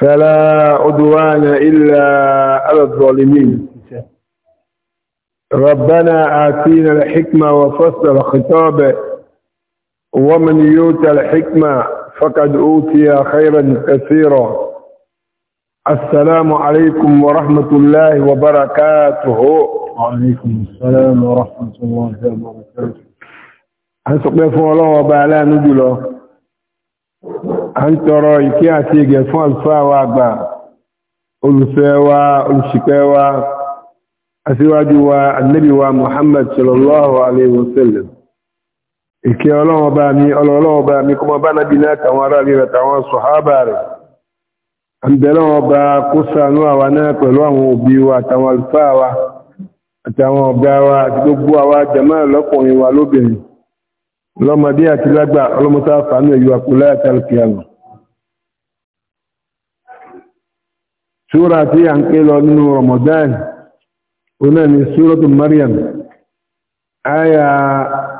فلا عدوان إلا على الظالمين ربنا آتينا الحكمة وفصل الخطاب ومن يؤت الحكمة فقد أوتي خيرا كثيرا السلام عليكم ورحمة الله وبركاته وعليكم السلام ورحمة الله وبركاته هل الله وبعلا نجله a ń tọrọ ìkẹ́ àti ìgẹ̀ fún àlùfáà wa àgbà olùfẹ́ wa olùṣìpẹ̀ wa aṣíwájú wa annabi wa muhammad sallallahu alaihi wasallam ìkẹ́ ọlọ́wọ́ bá mi ọlọ́wọ́ bá mi kọmọ bá nábi látàwọn ará rí rẹ̀tàwọn sọ̀hábà rẹ̀ àbẹ̀lọ́wọ́ bá kó sànú àwa náà pẹ̀lú àwọn òbí wa àtàwọn àlùfáà wa àtàwọn ọ̀gá wa àti gbogbo àwa jàmáà lọ́kùnrin wa lóbìnrin lọ́mọdé àti lágbà ọlọ́mọta fàánù ẹ̀yọ àpòlá àti alkiyama ṣúra tí a ń pè lọ nínú Ramadan oná ni ṣúrọ́tù Maryam aya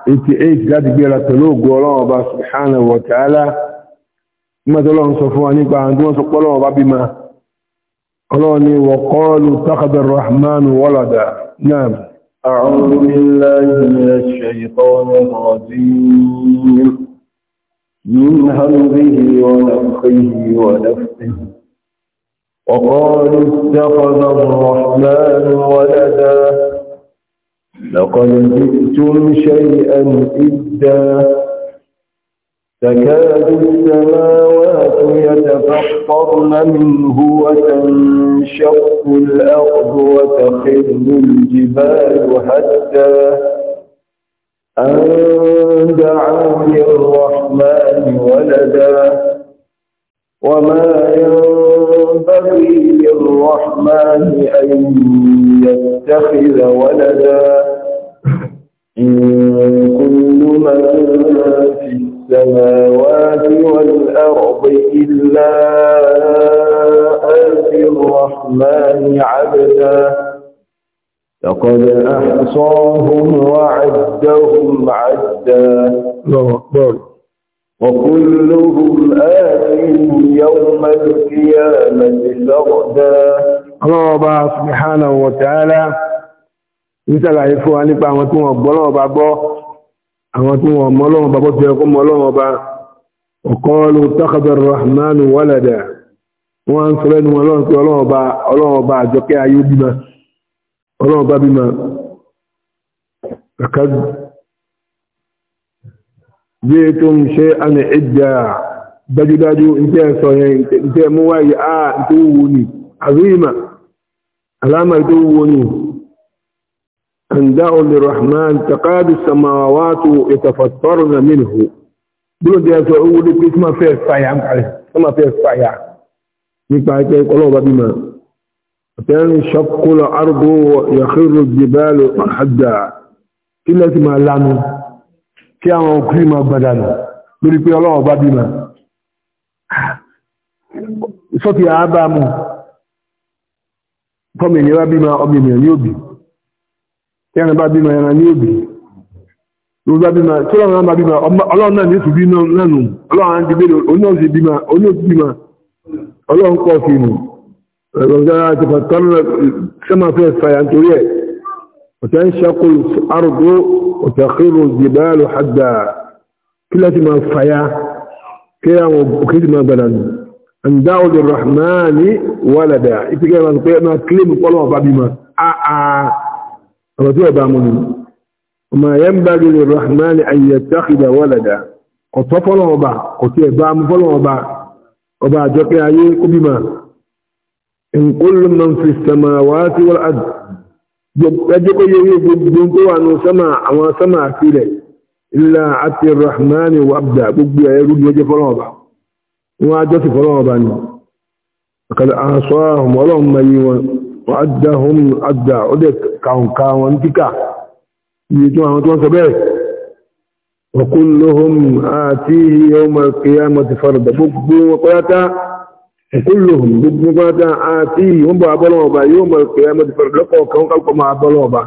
88 láti gbéra pẹ̀lú ògùn ọlọ́ọ̀bá subhanahu wa ta'ala mọ́tọ́lọ́ ń sọ fún wa nípa àwọn tí wọ́n sọ pọ́lọ́ ọba bímọ ọlọ́ọ̀ ni wa náà أعوذ بالله من الشيطان الرجيم من همزه ونفخه ونفسه وقالوا اتخذ الرحمن ولدا لقد جئتم شيئا إدا تكاد السماوات يتفطرن منه وتنشق الأرض وتخر الجبال حتى أن دعوا للرحمن ولدا وما ينبغي للرحمن أن يتخذ ولدا إن كل من في السماوات والأرض إلا آتي الرحمن عبدا لقد أحصاهم وعدهم عدا وكلهم آتيه يوم القيامة فردا الله سبحانه وتعالى nísàlàyé fún wa nípa àwọn tí wọ́n gbọ́ lọ́wọ́ bá gbọ́ àwọn tí wọ́n mọ́ lọ́wọ́ bàbá tí ẹkọ́ mọ́ lọ́wọ́ bá ọ̀kọ́ọ̀lù tọ́kàbẹ̀rẹ̀ rahmanu walada wọ́n ń sọ lẹ́nu ọlọ́wọ́ bá àjọkẹ́ ayé bímọ ọlọ́wọ́ bá bímọ kàkà bí i tó ń ṣe àmì ìjà dájúdájú ìjẹ́ ẹ̀sọ̀ yẹn ìjẹ́ mú wáyé àà ìtòwò ni àríma alámà أنداء للرحمن تقاد السماوات يتفطرن منه بلو دي أسعود بسم في الصعيح سما في الصعيح نكبر كي يقول الله بما تنشق الأرض ويخر الجبال أحدا كلا سما اللعنة كيما وكريما بدانا بلو دي الله بما صوتي أبا مو فمن يرى بما أبي من يوبي tí ẹran bá bímọ ẹran ní òbí ló bá bímọ tí ọlọ́run bá bímọ ọlọ́run náà ní ètò bímọ lẹ́nu ọlọ́run á ti bèèrè oníhòsì bímọ oníhòsì bímọ ọlọ́run kọ́ fi nù ẹ̀rọ̀gbọ́n àti pàtàkì sẹ́mà fẹ́ fàyà nítorí ẹ̀ ọ̀tẹ́ ń ṣàkó àrùkó ọ̀tẹ́ kérò jìbáàlù àgbà kí láti máa fàyà kí àwọn òkè ti máa gbàdánù àndáwò lè wàlàdà ìpínlẹ̀ ọ̀rọ̀dí ọba mú ní ọmọ ẹ̀yẹ ń bá gírí rahman ayyẹ̀tàkìdà wọ́lẹ̀dà ọ̀tọ́ fọ́lọ̀ ọba kò tí ẹ̀bá mú fọ́lọ̀ ọba ọba àjọkẹ́ ayé kó bímọ ìkólùmọ̀ fi sẹmà wá sí wọ́n àdù ẹjẹ́ kó yẹ yẹ gbogbo tó wà ní sẹ́mà àwọn sẹ́mà sílẹ̀ ilá àti rahman wà bdà gbogbo wọ́n adá hom adá ó dẹ̀ kàǹkà wọn ní kíkà iye tí àwọn tí wọ́n sọ bẹ́ẹ̀ ọkùn lóhom àti yawma al-qiyamati farda gbogbo wọn pátá ọkùn lóhom gbogbo pátá àti wọ́n bọ̀ abọ́lọ́wọ́ bá yawma al-qiyamati farda lọ́kọ̀ọ́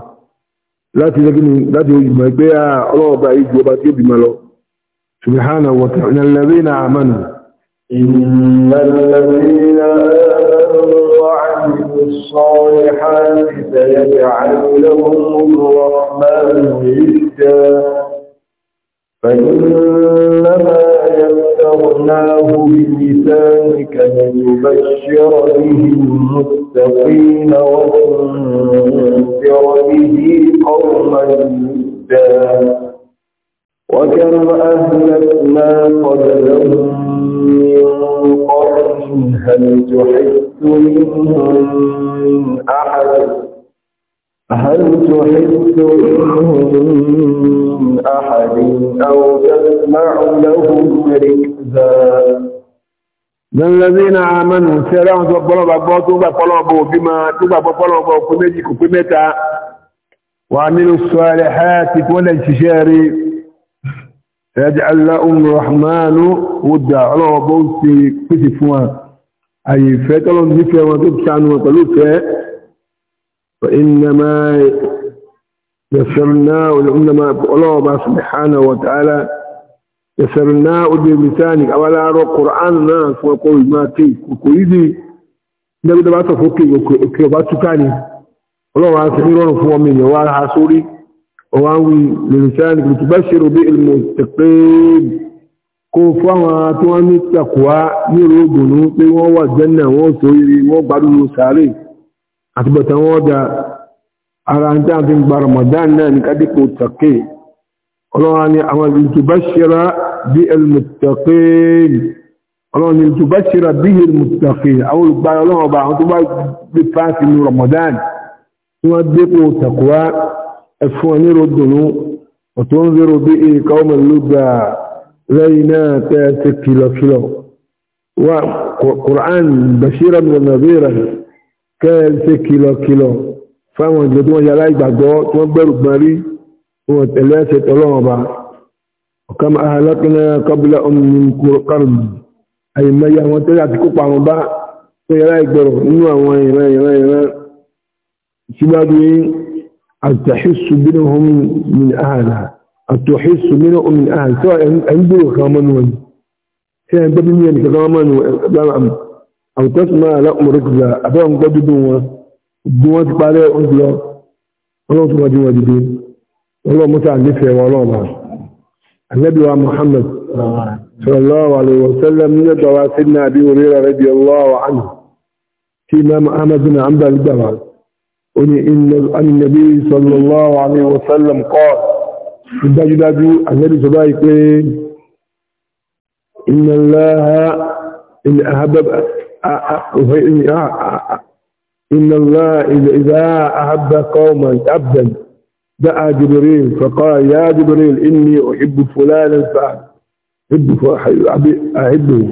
الصالحات سيجعل لهم الرحمن ودا فإنما يسرناه بلسانك لتبشر به المتقين وتنذر به قوما لدا وكم أهلكنا قبلهم قَرْنٍ هَلْ تُحِسُّ مِنْهُمْ مِنْ أَحَدٍ هل تحس منهم من أحد أو تسمع لهم ركزا الذين آمنوا سيران سبحانه وبعضه توبا قلوبه بما توبا قلوبه في مجيك في متى الصالحات كل الشجاري يجعل لهم الرحمن ودع الله بوسي كتفوا فوا اي فتلو نيفه وتبشان وقلوفه فانما يسرنا وانما الله سبحانه وتعالى يسرنا بلسانك اولا رو قراننا وقول ما تي كويدي نبدا باتفوكي كوباتوكاني الله عايز يقولوا فوا مني وعلى حصوري وعوي للسانك لتبشر بالمتقين كوفا واتوان التقوى يرودون وهو الجنة وصيري وبرو ساري أثبت ودا على أن تعطيك برمضان لأنك أدك متقي ولواني أول لتبشر بالمتقين ولواني لتبشر به المتقين أول بقى لهم بقى بفاتي من رمضان ثم أدك تقوى ẹ̀fúnni rodùnú ọ̀tún ń zero bí i káwọn lùgbà lẹ́yìn náà tẹ́ ti kìlọ̀kìlọ̀ wà kùrán bàṣírà ní nàbíra kẹ́ ti kìlọ̀kìlọ̀ fáwọn ìjọ tí wọ́n yára ìgbàgbọ́ tí wọ́n gbẹ̀rù gbọ́n rí wọn tẹ̀lé ẹsẹ̀ tọ́lọ́wọ́n ba ọ̀kan ahàlákùnrin kọ́bílẹ̀ ọ̀nìyàn kúrò kárùn àyìnbáyà wọn tẹ́lẹ̀ àti kópa wọn bá tó yára ìgbọ̀rọ̀ nínú àwọn ìran ìran ìran síwájú yìí أن تحس منهم من أهلها أن تحس منهم من أهل سواء عنده غامن سواء بمين غامن أو تسمع لأم ركزة أبوهم قد قددوا قوات باري أنزل الله سبحانه وتعالى والله متعن نفسه والله ما النبي محمد صلى الله عليه وسلم من سيدنا أبي هريرة رضي الله عنه في إمام أحمد بن عمد الدواس قل إن النبي صلى الله عليه وسلم قال النبي صلى الله عليه وسلم إن الله إن أحبب إن الله إذا أحب قوما أبدا دعا جبريل فقال يا جبريل إني أحب فلانا فأحب أحبه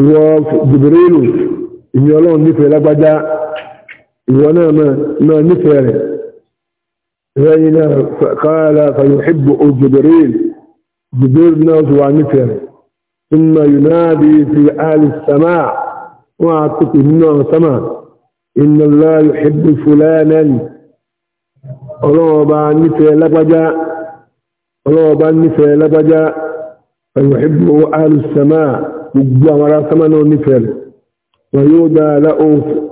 وجبريل إن يلون مثل بدا ولا ما ما مثله فإلى فقال فيحب جبريل جبرنا ومثله ثم ينادي في آل السماء وأعطته النوع السماء إن الله يحب فلانا الله بان مثل لبجاء الله بان مثل لبجاء فيحبه آل السماء جبريل أمرا سمنه مثل ويودى له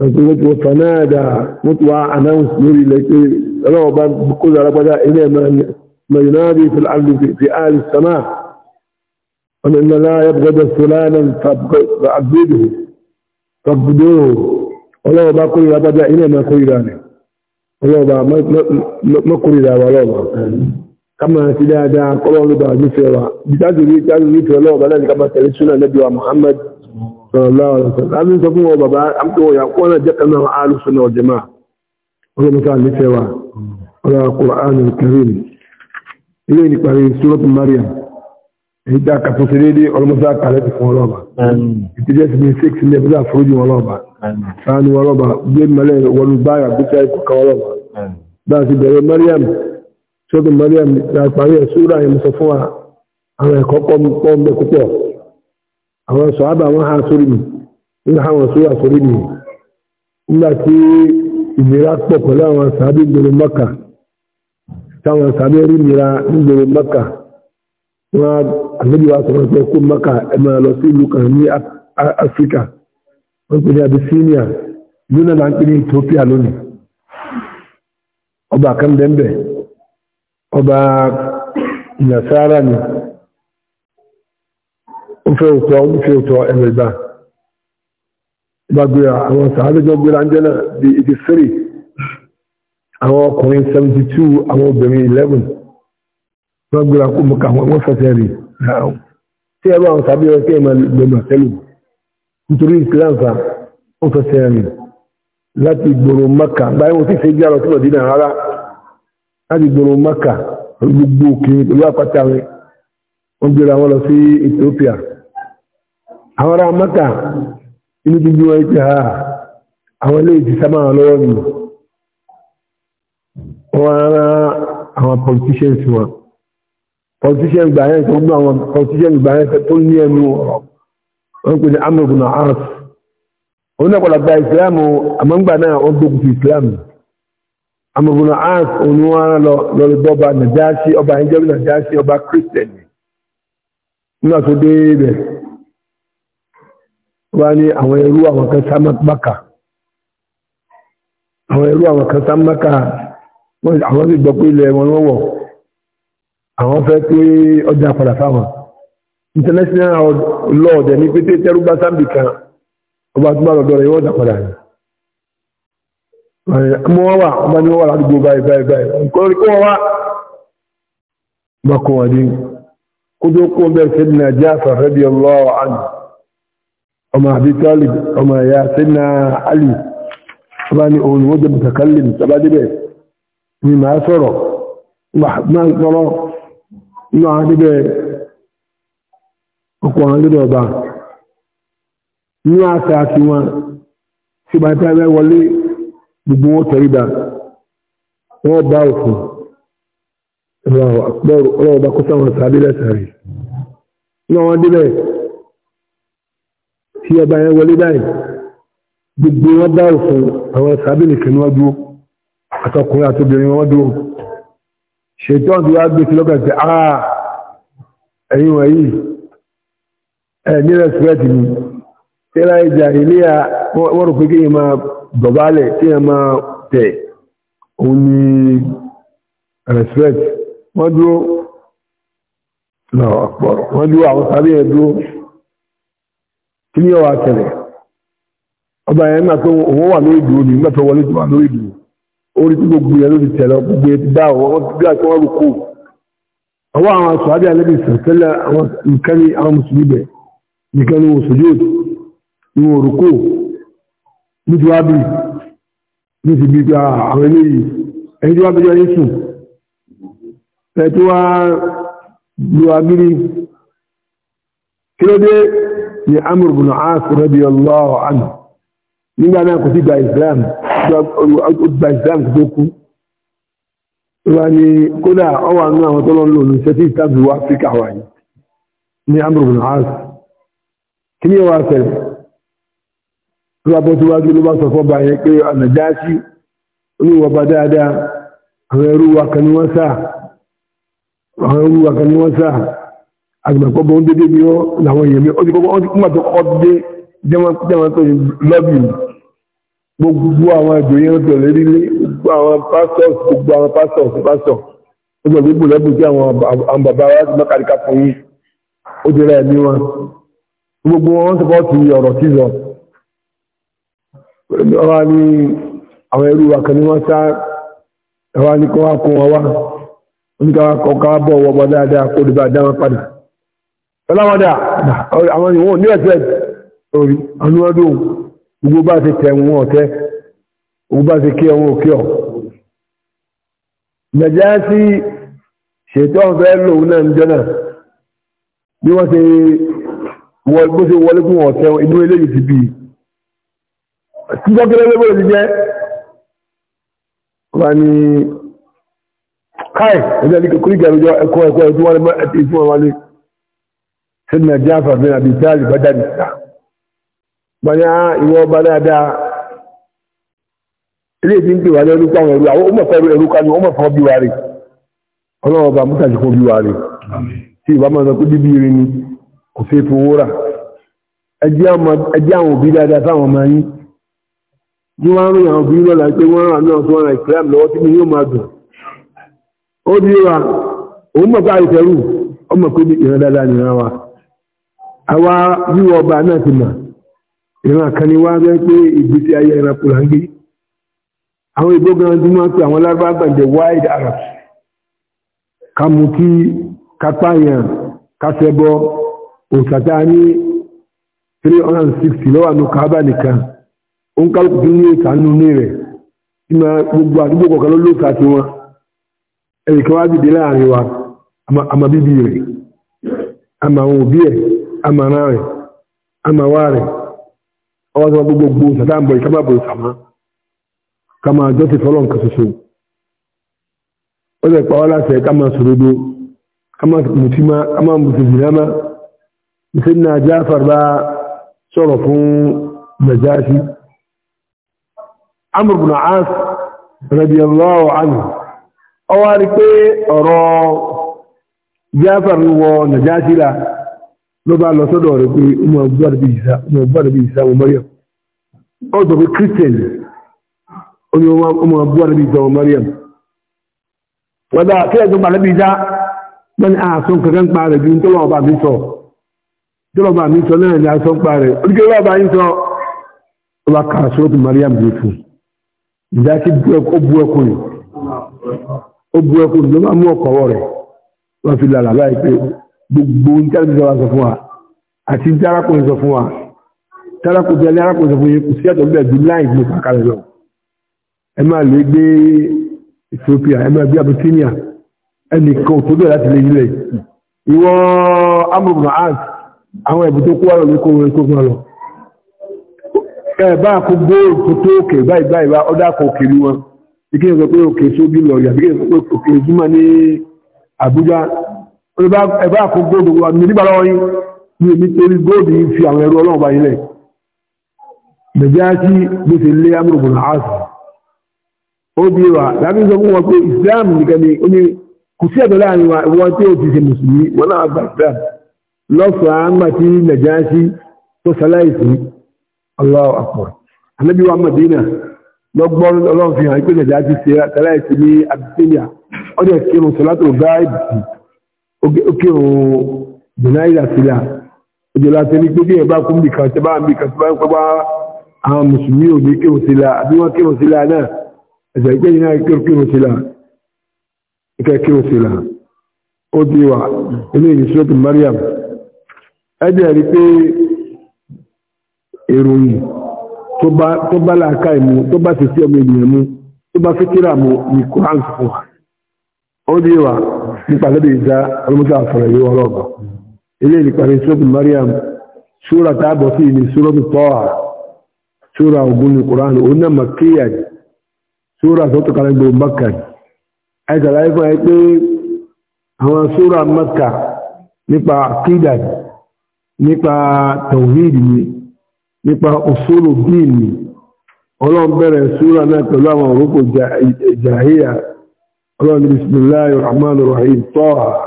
wọ́n fanáàdà wọ́n wá anáwùsì lórí lẹ́kẹ́ ọlọ́wọ́ bá kó zara gbádá ilé mayunáàdì fi alì fi alì sama ọmọ ìlànà ya gbọ́dọ̀ sọ́lánà fàbídò fàbídò ọlọ́wọ́ bá kó zara gbádá ilé makóríra rẹ̀ ọlọ́wọ́ bá makóríra wà lọ́wọ́ láàrín sọ fún wọn bàbá àmìtòwòyà wọ́n náà jẹ́kà náà alùsùn náà jẹma wọ́n mọ́ta nífẹ́ wa ọ̀rọ̀ Al-Qur'an Al-Karim ilé ìparí Suratu Maryam èyí tá kàtó sí déédéé ọlọ́mọsá kàlẹ́ ti fún ọlọ́ba ìtìjẹ́ sí ní six ní ẹgbẹ́ àforíjì wọn ọlọ́ba sáánù wọn ọlọ́ba gbé mẹ́lẹ̀ wọnú báyà gbéṣẹ́ ìkọ̀kà ọlọ́ba bá a ti bẹ̀rẹ̀ Maryam Suratu Maryam ìparí ẹ̀ sóra yẹn sọ fún wa àwọn ẹ̀kọ́ pọ̀ púpọ̀ àwọn sọ̀hábà wọn ha sórí mi ń ha wọn sórí àsórí mi nígbà tí ìnira pọ̀ pẹ̀lú àwọn sàábì gbèrò mọ́kà táwọn sàábì rí ìnira gbèrò mọ́kà wọn àlejò wa sọ̀rọ̀ pé kó mọ́kà ẹ máa lọ sí ìlú kan ní áfíríkà wọn pè ní abisinia ìlú náà là ń pè ní ethiopia lónìí ọba kan bẹ́ẹ̀ ọba nasara ni ofe òtọ́ ofe òtọ́ ẹ̀mẹ̀gbà gbàgbéra àwọn sàádọ́jọ́ gbéra ń jẹ́nà di ìdí sírì àwọn ọkùnrin 72 àwọn obìnrin 11 gbàgbéra kó mọ̀ká wọn fẹsẹ̀ rí tí ẹ bá àwọn sàbí ọ̀rẹ́ kẹ́ẹ̀mà gbẹ̀mà tẹ́lù nítorí ìsìláǹfà wọn fẹsẹ̀ rí láti gbòòrò Mẹ́kà báyìí wọn sì ṣe jára sí ọ̀dínà rárá láti gbòòrò Mẹ́kà gbogbo òkè pẹ̀lú àpáta rẹ̀ wọ́n gbéra wọn lọ sí Ethiopia àwọn ará mọ́ta inú gbogbo wọn ah, ti ha àwọn ilé ìdí sábà lọ́wọ́ mi wọ́n ara àwọn politicians wọn politicians gbà yẹn tó gbọ́ àwọn politicians gbà yẹn tó ní ẹnu ọ̀rọ̀ wọ́n pè ní amurgun ars òun náà pọ̀lọ̀ gba ìsìlámù àmọ́ngbà náà wọ́n gbógun ti ìsìlámù amurgun ars òun wọn ara lọ lórí bọ́ba nàjáṣí ọba ẹjọ́ nàjáṣí ọba christian nígbà tó dé ibẹ̀ wá ní àwọn ẹrú àwọn kan sá Mákà àwọn ẹrú àwọn kan sá Mákà àwọn sì gbọ́ pé ilẹ̀ wọn wọ́n wọ̀ àwọn fẹ́ pé ọjà padà fáwọn international law dẹ̀ ní pété tẹ́rú bá sáàbì kan ọba tó bá lọ́dọ̀ rẹ̀ yóò padà ní mọ́ wọ́n wà ọba ní wọ́n wà ládùúgbò báyìí báyìí báyìí nǹkan rí kó wọ́n wá bá kó wọn dín kó tó kó bẹ́ẹ̀ sẹ́dínà Ja'far radiyallahu anhu ọmọ àbí tọ́lì ọmọ ẹ̀yà sínú alì ọba ni òun wọ́n jẹ́ mùtàkálì tọba débẹ̀ ni máa sọ̀rọ̀ máa sọ̀rọ̀ inú àwọn débẹ̀ ọkọ̀ àwọn débẹ̀ ọba inú àṣà àti wọn tí bá tá ẹgbẹ́ wọlé gbogbo wọn tẹríba wọn bá òfin ọlọ́ọ̀bá kó sáwọn sàbílẹ̀ sàrí tí ọba yẹn wọlé báyìí gbogbo wọn bá òfin àwọn sábìlì kìnnú wọn dúró àtọkùnrin àtobìnrin wọn dúró ṣètò ọdún wa gbé sí lọ́kàn sí ah ẹ̀yin wọ̀nyí ẹ̀ ní rẹ́sìpẹ́tì mi tẹ́lá ìjà ilé à wọ́n rò pé kí èèyàn máa dọ̀bálẹ̀ kí èèyàn máa tẹ̀ òun ní rẹ́sìpẹ́tì wọ́n dúró lọ́wọ́ wọ́n dúró àwọn sábìlì yẹn dúró kí ni ọwà tẹ̀lẹ̀ ọba yẹn náà pé òun wà lórí ìdúró ní mẹ́fẹ́ wọlé tó wà lórí ìdúró orí tí gbogbo yẹn lórí tẹ̀lẹ̀ gbogbo yẹn ti dá àwọn ti bí àti wọ́n rú kó ọwọ́ àwọn aṣọ àbí alẹ́bí sẹ̀tẹ́lẹ̀ àwọn nǹkan ní àwọn mùsùlùmí bẹ̀ nìkan ní wọ́n sojú òtù ní ní ti wá bí ní ti bí pé ah, àwọn eléyìí ẹni tí wá bẹjọ ní sùn ẹ tí wá lu agírí kí ni amr bin as radiyallahu anhu nígbà náà kò sí gba islam gba islam kò tó kú wọ́n ni kódà ọwà nínú àwọn tọ́lọ́ lò ní sẹ́tí ìtàbí wá áfíríkà wà yìí ní amr bin as kí ni wàá ṣẹlẹ̀ tó bá bọ́ síwájú ló bá sọ fọ́ bá yẹn pé ànàjáṣí oníwọ̀ bá dáadáa kan ni wọ́n kan ni agbẹ̀kọ́ bọ́ ń dédé ní àwọn èèyàn mi ó ti kọ́kọ́ ó ti kúmọ̀ tó kọ́ dé jẹ́wọ́n tó yẹ lọ́bì gbogbo àwọn ìjòyè ń tẹ̀lé lílé gbogbo àwọn pastors gbogbo àwọn pastors pastor ó sọ pé bùlẹ́bù tí àwọn bàbá wa ti mọ́kàríkà fún yìí ó ti rẹ̀ ní wọn gbogbo wọn sọ fọ́ọ̀tì ọ̀rọ̀ sísọ ọ̀rọ̀ ni àwọn ẹrú wa kan ní wọ́n sá ẹ̀rọ ni kọ́ wá kó wọn wá oníkàwá kọ́ ká bọ̀ wọ́n bọ́ dáadáa kó dìbò àdáwọn padà ọlọ́wọ́dá àwọn ìwọ̀n ní ẹ̀tẹ́ orí anúwádó gbogbo bá ti tẹ wọn ọ̀tẹ́ gbogbo bá ti kí ọwọ́ òkè ọ̀ nàìjíríà sí ṣètò ọ̀fẹ́ lòun náà ń jọ́nà bí wọ́n ti bó ṣe wọlé fún ọ̀tẹ́ inú eléyìí ti bí títọ́kẹ́lẹ́ lébò ti jẹ́ wà ní káì ẹgbẹ́ ní kòkòrò ìgbàlójọ ẹ̀kọ́ ẹ̀kọ́ ẹ̀tí wọ́n wálé sẹ́dínà jáfà bẹ́ẹ̀ àbí táàlì bá jáde síta bọ́nyá ah, ìwọ ọba dáadáa ilé ìdí ń pè wá ní olúkọ àwọn ẹrú àwọn ọmọfẹ́ ẹrú kan ní wọ́n mọ̀fọ́ bí wa rè ọlọ́run ọba mọ́tàjì kó bí wa rè tí ìbá máa sọ pé bíbí ire ni kò fẹ́ fowó rà ẹjẹ́ àwọn òbí dáadáa sáwọn ọmọ yín ní wọ́n rìn àwọn òbí lọ́la pé wọ́n rà náà tó wọ́n ra ìsìlámù lọ́wọ́ tí mi yóò máa dùn ó di wa òun mọ̀ pé àìsẹ̀rù ọmọ pé ìran dáadáa nìran wa àwa wíwọ ọba náà ti mà ìran àkànni wá rẹ pé ìgbésí ayé ẹranko là ń gbé àwọn ìgbó tí wọ́n pe àwọn lábá gbàǹdẹ̀ wide arabs ká mú kí kápáyàn kásẹbọ òṣàtà ní 360 lọ́wọ́ àánú kábà nìkan ó ń kálukú tí ní ìsànú ní rẹ̀ tí máa gbogbo àdúgbò kọ̀ọ̀kan ló lóòsà tí wọn ẹnìkan wá dìde láàrin wa àmàbíbí rẹ̀ àmà òbí ẹ̀ amàrà rẹ̀ amàwá rẹ̀ ọwọ́ tó wọ́n gbogbo sàdá ń bọ̀ ìkábà bọ̀ sàmá ká máa jọ́ ti fọ́lọ́ nǹkan ṣoṣo ó lè pa wá láti ẹ̀ ká máa sòrodo ká máa mutí má ká máa mutí jìnnà má nítorí náà Jáfàr bá sọ̀rọ̀ fún Nàjáṣí Amr bin As radiyallahu anhu ọwọ́ rí pé ọ̀rọ̀ Jáfàr wọ Nàjáṣí la ló bá lọ sọ́dọ̀ rẹ̀ pé ọmọ ọgbọ́dọ̀ bí ìsá ọmọ ọgbọ́dọ̀ bí ìsá ọmọ Mariam ó sọ pé Christian ọmọ ọgbọ́dọ̀ bí ìsá ọmọ Mariam wọ́n dá kí ẹ̀sùn pàdé bí ìsá mẹ́ni àásùn kankan pa rẹ̀ bí n tọ́lọ́ ọba mi sọ tọ́lọ́ ọba mi sọ náà ni àásùn pa rẹ̀ oríkè ọba ọba yín sọ ọba kà á sọ́ọ́tù Mariam bí fún ìdá sí ó bu ẹkùn ó bu gbogbo ní tẹ́lẹ̀bíjọ́ wa sọ fún wa àti tárakùnrin sọ fún wa tárakùnrin ní arákùnrin sọ fún yẹn kò sí ẹ̀tọ́ bẹ́ẹ̀ ju láì gbé kàkàlẹ̀ lọ ẹ máa lè gbé Ethiopia ẹ máa gbé Abyssinia ẹnìkan tó bẹ̀rẹ̀ láti lè yílẹ̀ ìwọ amúrùn art àwọn ẹ̀bù tó kó wà ẹ̀bá àkó góòdù wà mí nígbà lọ́wọ́ ní èmi torí góòdù fi àwọn ẹrú ọlọ́run bá yílẹ̀ Nàìjíríà bó ṣe lé amúrùbùn àásù ó di wa láti sọ fún wọn pé Islam nìkan ni ó ní kò sí ẹ̀dọ́ láàrin wa wọn tí ó ti ṣe mùsùlùmí wọn náà gba Islam lọ́sàn-án àgbà tí Nàìjíríà tó ṣaláìsí ọlọ́wọ́ àpọ̀ ànábì wa Madina lọ́gbọ́n ọlọ́run fi hàn pé Nàìjíríà ti ṣe ṣaláìsí ní Abyssinia ọdẹ kírun sọlátò gáàdì ókè òun jùnáìlà sílà òjòlá tẹ ní pé bí ẹ bá kún bí kan tẹ bá ń bí kan tẹ bá ń pẹ́ bá àwọn mùsùlùmí ò ní kírun sílà àbí wọ́n kírun sílà náà ẹ̀sẹ̀ ìpé yìí náà kírun sílà ìkẹ́ kírun sílà ó di wà nínú ìrìnsúlọ́tì Mariam ẹ̀jẹ̀ rí pé ìròyìn tó bá láàká ìmú tó bá sì sí ọmọ ènìyàn mú tó bá fẹ́kírà mú ní Kùránì fún wa ó di wà nípa lẹ́bẹ̀ ìdá ọlọ́mọdé àfọ̀rọ̀ ìwọ ọlọ́ọ̀bà ilé ìparí sọ́ọ̀tù Mariam ṣúra táàbọ̀ sí ní sọ́ọ̀tù tọ́à ṣúra ogun ní Kùránì ó ná makiya ṣúra sọ́ọ̀tù kalẹ́gbẹ̀ Makka àìsàn láyé fún ẹ pé àwọn ṣúra Makka nípa akídà nípa tawhid ni nípa usulu dín ni ọlọ́run bẹ̀rẹ̀ ṣúra náà pẹ̀lú àwọn òrùkọ jàhíyà قال بسم الله الرحمن الرحيم طه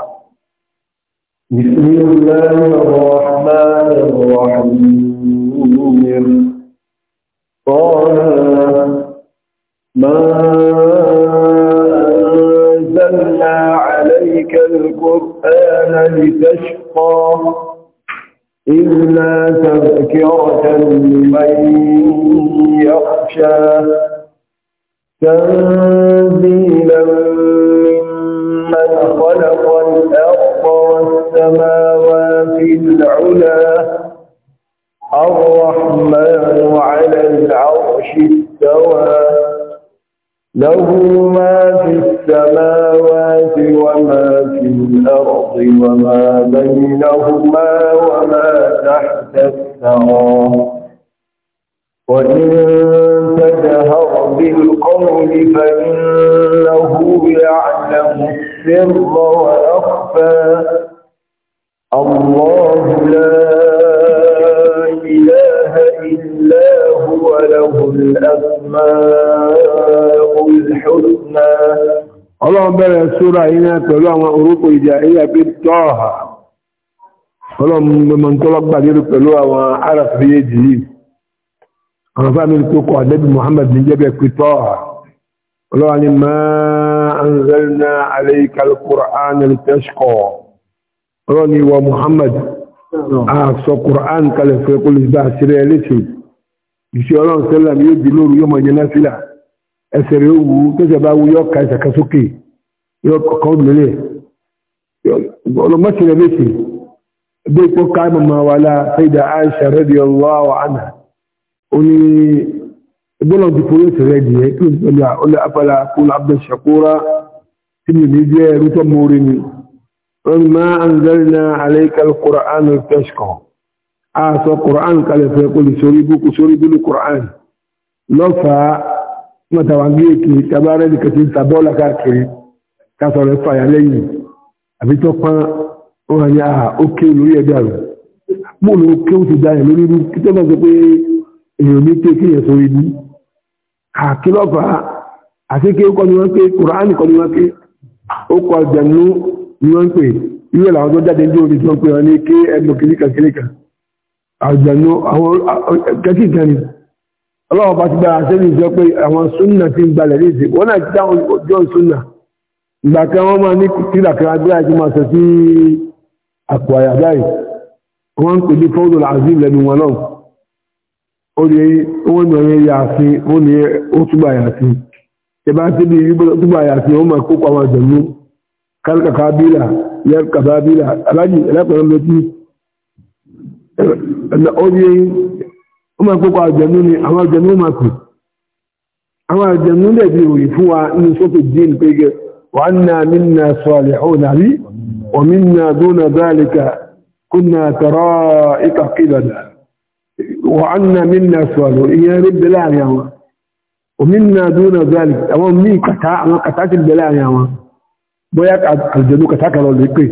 بسم الله الرحمن الرحيم طه ما أنزلنا عليك القرآن لتشقى إلا تذكرة لمن يخشى تنزيلا ممن خلق الأرض والسماوات العلا الرحمن على العرش استوى له ما في السماوات وما في الأرض وما بينهما وما تحت الثرى وإن تجهر بالقول فإنه يعلم السر وأخفى الله لا إله إلا هو له الأسماء الحسنى اللهم بلا سورة هنا تلوم أروق إجائية بالطاها اللهم من طلب بعد يرد تلوها وعرف في àwọn fámìlì tó kọ àdẹ́bí Muhammad ní jẹ́bẹ̀ pítọ́ ọlọ́wà ni máa anzalna alayka al-Qur'ana litashqa ọlọ́wà ni wa Muhammad àṣọ Qur'an kalẹ̀ fẹ́ kó lè bá àṣírẹ́ ẹlẹ́sìn ìṣẹ́ ọlọ́run sẹ́lẹ̀m yóò di lóru yóò mọ̀ yẹn náfìlà ẹsẹ̀ rẹ̀ wù ú bí ipò ká mọ̀mọ́ oni gbọ́nà ti fún ẹsẹ̀ rẹ̀ dìé kí o ti pẹ̀lú ọlẹ́ afẹ́lá kúlọ̀ abdẹ́ṣẹ̀kúrá tí mi ní jẹ́ ẹrú tó mórí ni wọ́n má ń zẹ́rẹ̀ náà aláìkàlẹ̀ kùrán tẹ́ṣkọ̀ a sọ kùrán kalẹ̀ fẹ́ kó lè sórí búkú sórí bílú kùrán lọ́fà mọ̀tàwàgé èké tabarẹ́ ní kẹtì ń sàbọ́ọ̀lá káàkiri kásọ̀ rẹ̀ fàyà lẹ́yìn àbí tó pán wọn yà lórí ẹ̀dá rẹ̀ mú ló kéwù ti dá lórí rú kí tó èèyàn ní pé kéèyàn sórí ní àkílọ́fà àti kí ó kọ́ ni wọ́n pé kùránì kọ́ ni wọ́n pé ó kọ àjànú ni wọ́n pè ìwé làwọn tó jáde ní orí tí wọ́n pè wọ́n ní kí ẹnu kìríkà kìríkà àjànú àwọn kẹ́kìkà ni ọlọ́wọ́ bá ti gba àṣẹ ní ìjọ pé àwọn súnà ti ń gbalẹ̀ ní ìsìn wọ́n náà ti dá ọjọ́ súnà ìgbà kan wọ́n máa ní kílà kan agbé àti máa sọ sí àpò àyàbáyì wọ́n ń pè ní fọ́ọ̀dù orí owó ìmọ̀ràn yàáfin ó ní ó túbà yàáfin ìbá tí bí túbà yàáfin ó máa kópa àwọn àjọ̀lú kárìkàkà bílà yẹ́kàbá bílà alájì ẹlẹ́pẹ̀rẹ́ lójú orí ó máa kópa àjọ̀lú ni àwọn àjọ̀lú máa kù àwọn àjọ̀lú dẹ̀ bí òyì fún wa ní sọ́tò dín pé wà ná minna salihun àbí wa minna duna dhalika kunna tara'ika وعنا منا سؤاله إيا رب بلان يا ما ومنا دون ذلك أما مي كتاع ما كتاعت البلان يا ما بياك الجنو كتاعك لو لقي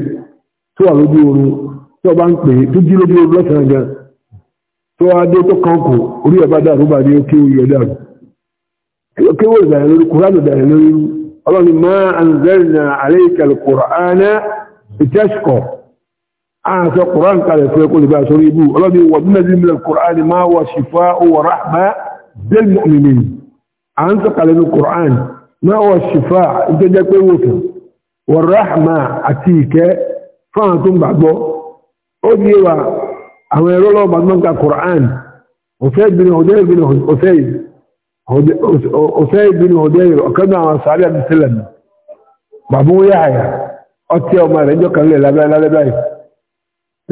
سؤاله ديورو tó bá ń pè é tó jí lójú orí lọ́sàn-án gan tó adé tó kàn kò orí ẹ̀bá dàrú bá ní ókè orí ẹ̀dà rù kéwò ìdàrẹ̀ lórí kùránù dàrẹ̀ lórí ọlọ́ni máa anzalna alayka al-Qur'ana ìtẹ́ṣkọ̀ọ́ àṣọ kùrán kalẹ̀ fún ẹkùn ìbá sórí ibú ọlọ́bí wà bí mẹ́rin mẹ́rin kùrán máa wà ṣìfà wà ráhmà lẹ́l mọ́mìnì à ń sọ kalẹ̀ ní kùrán máa wà ṣìfà ìjọ jẹ́ pé wòsàn wà ráhmà àti ìkẹ́ fáwọn tó ń gbàgbọ́ ó di wa àwọn ẹ̀rọ lọ́wọ́ bá ń ka kùrán ọ̀fẹ́ bin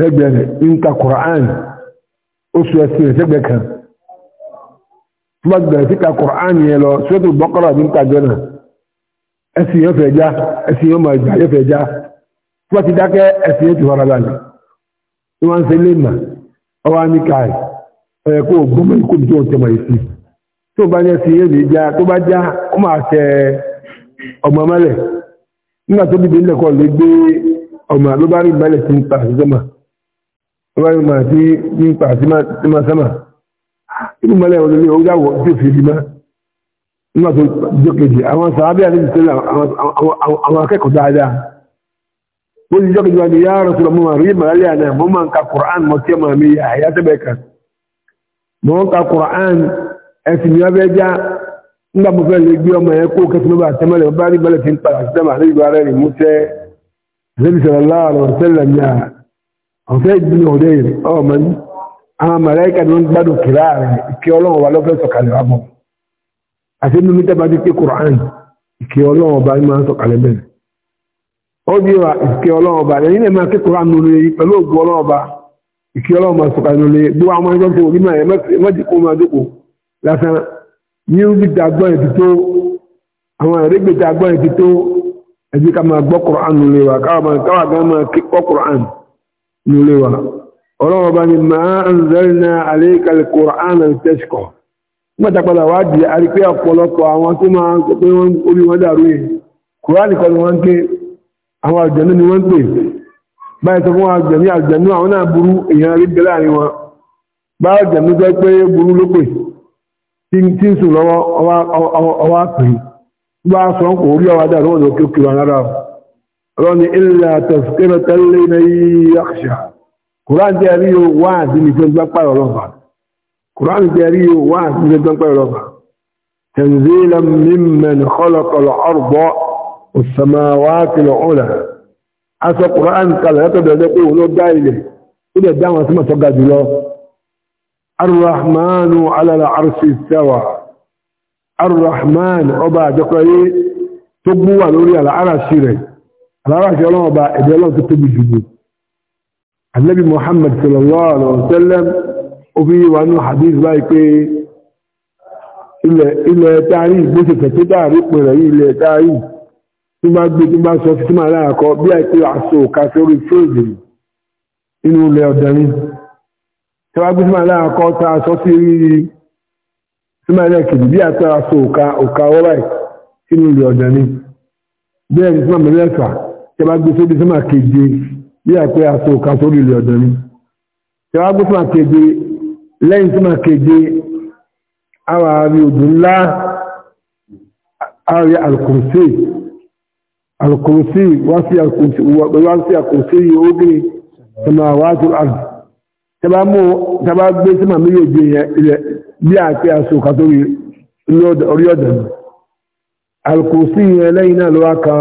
lẹ́gbẹ̀ẹ́ rẹ̀ ń ka Quran oṣù ẹ̀sìn rẹ̀ sẹ́gbẹ̀ẹ́ kan tó bá bẹ̀rẹ̀ sí ka Quran yẹn lọ sọ́tò bọ́kọ́rọ̀ ní ka jọ́nà ẹ̀sìn yóò fẹ́ já ẹ̀sìn yóò máa gbà yóò fẹ́ já tó bá ti dákẹ́ ẹ̀sìn yóò ti fara balẹ̀ tí wọ́n ń ṣe léèmà ọwọ́ á ní ká ẹ̀ ọ̀yẹ̀ kó o gbọ́mọ̀ ikú tó o tẹ̀mọ̀ ìsìn tó bá ní ẹ̀sìn yóò lè já tó bá já ó máa tẹ ọmọ mẹ́lẹ̀ nígbà tó dìbò ilẹ̀ kọ́ lè gbé ọmọ ló bá rí ń ta àṣìṣẹ́ máa wọ́n yóò máa tí ní pa sí máa sámà inú mọ́lẹ̀ ọ̀dọ̀ ní oúnjẹ tí ó fi ìdímá nígbà tó jọ́kejì àwọn sàábẹ́ àti ìṣẹ́lẹ̀ àwọn akẹ́kọ̀ọ́ dáadáa ó ti jọ́kejì wa ni yá rọ̀ sọ̀rọ̀ mọ́ rí màlálẹ́ àná mọ́ máa ń ka Qur'an mọ́ tí ọmọ mi àyà tẹ́bẹ̀ kan ka Qur'an ẹ̀sìn mi ọbẹ̀ já àwọn fẹ́ gbé ọ̀dẹ́ rẹ̀ ọmọ ní àwọn màláíkà ló ń gbádùn kìlá rẹ̀ ìkẹ́ ọlọ́run wa lọ́fẹ́ sọ̀kalẹ̀ wa bọ̀ àti nínú tẹ́bà ti pé kùrán ìkẹ́ ọlọ́run ọba máa ń sọ̀kalẹ̀ bẹ̀rẹ̀ ó bí wa ìkẹ́ ọlọ́run ọba ẹ̀yìn lè máa kékeré àánú lè pẹ̀lú ògùn ọlọ́run ọba ìkẹ́ ọlọ́run máa sọ̀kalẹ̀ lè gbó àwọn ẹjọ́ tó orí máa mọ́jì kó máa dóko lásán music tá a gbọ́ ẹ̀ ti tó àwọn ẹ̀rẹ́gbẹ̀ tá a gbọ́ ẹ̀ ti tó ẹ̀jẹ̀ ká máa gbọ́ kùrán lè wa káwọn máa káwọn máa kọ́ kùrán níléwà ọlọ́wọ́ bá ní máa ń zẹ́rì náà àríkàlẹ̀ kòrán tẹ́ṣkọ̀ mọ́tàpadà wá di àrípé ọ̀pọ̀lọpọ̀ àwọn tó máa ń pẹ́ wọ́n orí wọ́n dàrú yìí kòrán nìkan ni wọ́n ń àwọn àjẹ̀nú ni wọ́n ń báyìí fún àwọn náà burú èèyàn rí láàrin wọn bá pé burú ló tí ń sùn lọ́wọ́ روني إلا تذكرة لمن يخشى قرآن جاريو واحد من جنبك بقى الله قرآن جاريو واحد من جنبك بقى الله تنزيلا ممن خلق الأرض والسماوات العلى أسا قرآن قال لا تبدأ يقول له دائلة إذا دعوة ما تقعد له الرحمن على العرش استوى الرحمن عباد قريب تقوى نوري على العرش شريك aláwàṣẹ ọlọ́run ọba ẹ̀dẹ́ ọlọ́run tó tóbi jù ní anabi muhammad sallallahu alaihi wa sallam ó fi wà nù hadith báyìí pé ilẹ̀ ilẹ̀ taari ìgbésẹ̀ tó dáàrí pè rẹ̀ yìí ilẹ̀ taari tó bá gbé tó bá sọ fi tó máa lára kọ bí àìpé aṣọ òka sórí fèrèdè inú ilẹ̀ ọ̀dẹ́rin tó bá gbé tó máa lára kọ ta aṣọ sí rí tó máa lẹ́ kìdì bí àtọ́ aṣọ òka òka ọ̀rẹ́ inú ilẹ̀ ọ̀dẹ́rin bẹ́ẹ̀ ni tó máa mẹ́lẹ́fà tẹba gbé sórí sọ́mà keje bí àpẹ àtò kan sórí ilẹ̀ ọ̀dọ̀ ni tẹba gbé sọ́mà keje lẹ́yìn sọ́mà keje àwọn àrí odò ńlá àrí alkùnsí alkùnsí wá sí alkùnsí wá sí alkùnsí yìí ó gbé sọ́mà wá tó àrùn tẹba mú tẹba gbé méjèèjì yẹn bí àpẹ àtò kan orí ọ̀dọ̀ ni alkùnsí yẹn lẹ́yìn náà ló wá kan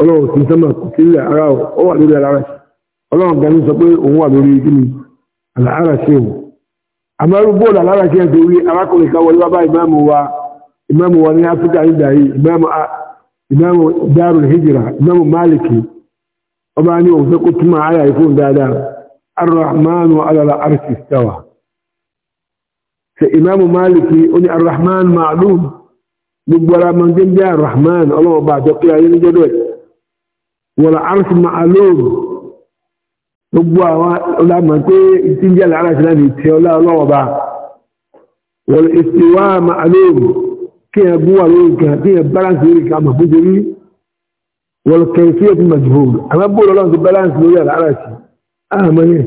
ọlọ́run sí sọ́mọ̀ kò sílẹ̀ ara ọ wà lórí ara ṣe ọlọ́run gan sọ pé òun wà lórí kí ni ara ṣe o àmọ́rú bóòlù alára ṣe ẹ̀dọ̀ orí arákùnrin kan wọlé bàbá ìmáàmù wa ìmáàmù wa ní áfíríkà nígbà yìí ìmáàmù Darul Hijra ìmáàmù Máàlìkì ọba ní òun fẹ́ kó túmọ̀ àyà ìfún dáadáa arrahmanu alala arsi stawa ṣe ìmáàmù Máàlìkì ó ní arrahman ma'lum gbogbo ara mọ̀ ń jẹ́ ọlọ́wọ́ bá àjọ pé ayé níjọ́dọ̀ ẹ̀ wọ̀lá arṣì máa lóòrù gbogbo àwọn ọlámọ̀ pé tí ń jẹ́ lára ṣe láti tẹ́ ọlá ọlọ́ọ̀bá wọ̀lá ìsìnwá máa lóòrù kí ẹ bú wà lórí kan kí ẹ balance lórí kan àmọ̀ fúnjẹ rí wọ̀lá kẹfì ẹ̀fún majhul àmọ́ bó lọ́lọ́ ti balance lórí àlára ṣe ah, àmọ́ yẹn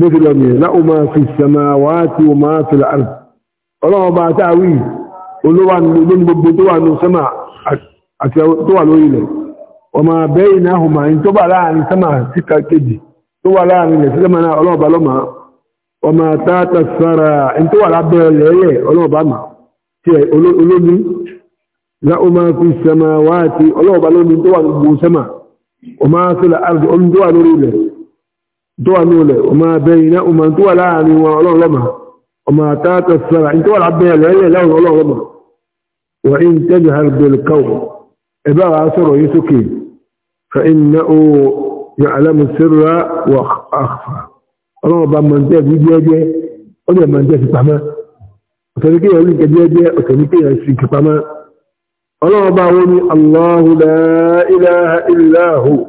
lóṣù na nìyẹn láwọn máa fi sẹmà wá tí o máa fi là ọlọ́wọ́ bá tá a wí olówà lónìí gbogbo tó wà ní sẹmà àti tó wà lórí ilẹ̀ ọmọ abẹ́yìn náà hùmà ní tó wà láàrin sẹmà sí kejì tó wà láàrin ilẹ̀ sí ọlọ́wọ́ bá lọ́mà máa tó wà ní olè ọmọ abẹ́yìn náà ọmọ tó wà láàrin wọn ọlọ́run lọ́mà ọmọ àtàkọ̀ sára ní tó wà lábẹ́yìn lẹ́yìn lẹ́yìn ọlọ́run lọ́mà wà ní tẹ́jọ àgbẹ̀lẹ̀kọ́ ẹ̀bá wa sọ̀rọ̀ yìí sókè fa iná ó yà alámùsírà wà àfà ọlọ́run bá mọ̀ntẹ́ bí jẹ́jẹ́ ó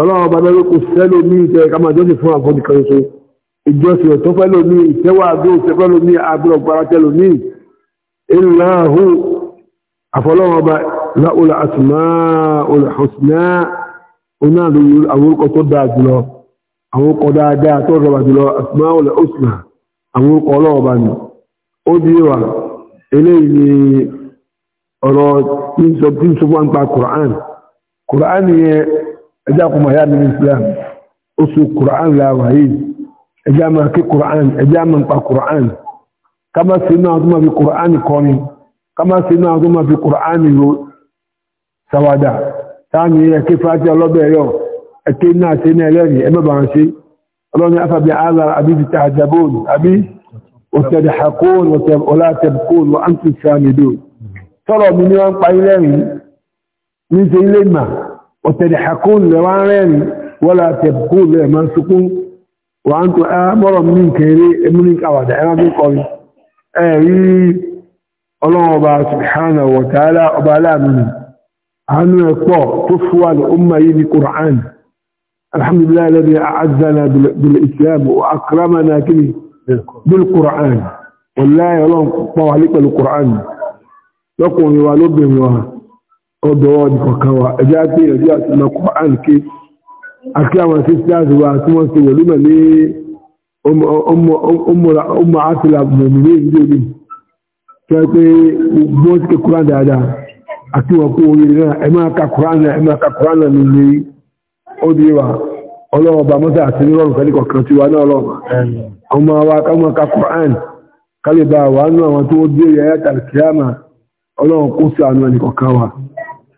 ọlọ́run bá bẹ́rẹ̀ kò sẹ́lò ní ìtẹ́ kàmájọ́sì fún àgọ́dì kan ṣe ìjọsìn ọ̀tọ́ fẹ́lò ní ìtẹ́wà àgbò ìtẹ́fẹ́lò ní àgbò ọ̀gbàrátẹ́lò ní ìlàáhù àfọlọ́run bá láòlà àtùmá olùhùsùnà onáàlú àwọn orúkọ tó dáa jùlọ àwọn orúkọ dáadáa tó rọrọ jùlọ àtùmá olùhùsùnà àwọn orúkọ ọlọ́run bá ó di wà eléyìí ni ọ̀rọ̀ tí ń sọ fún àǹpa Kùránì Kùránì yẹn ẹjá kò máa yá ní islam oṣù quran láwà yìí ẹjá máa kí quran ẹjá máa ń pa quran ká má sí náà tó máa fi quran kọrin ká má sí náà tó máa fi quran ro sàwádà táàmì ẹkẹ fàájì ọlọ́bẹ̀ yọ ẹkẹ náà ṣe ní ẹlẹ́rìí ẹmẹ́ bá ń ṣe ọlọ́ni afẹ́bí ààlára àbí ti tààjàbóòlù àbí òṣèdèhàkóòn ọlátẹ̀bùkóòn wọ́n á ń tún sàmìdò sọ́rọ̀ mi ní wọ́n pa ilẹ́rìí ní ṣe ilé mà وتضحكون لوانين ولا تبكون لمنسكون وأنتم أمر من منك أو دعنا من قوي أي الله أبا سبحانه وتعالى أبا من ان يقوى تصوى لأمة يدي قرآن الحمد لله الذي أعزنا بالإسلام وأكرمنا بالقرآن والله يلون طواليك القرآن لكم يوالوبهم يوالوبهم ọdọ̀ ọdìkọ̀kan wa ẹjẹ́ àti ìrẹ̀jú àti ọmọkọ̀ àǹkí àti àwọn sisters wa tí wọ́n ti wọ̀lú mẹ́lẹ́ ọmọ àtìlà mọ̀mílẹ́ ìlú òní tí wọ́n pé gbọ́n ti kúrán dáadáa àti wọ́n kó orí náà ẹ máa ka kúrán náà ẹ máa ka kúrán náà ní ilé ọdí wa ọlọ́wọ́ bá mọ́sá àti nírọ̀rùn kẹ́lẹ́kọ̀ kan ti wá náà lọ ọmọ wa ká mọ́ ka kúrán kálíbà wà nú àwọn tó dé ẹ̀yà tàbí kíámà ọlọ́wọ́ kó sí àánú ẹnìkọ̀kan wa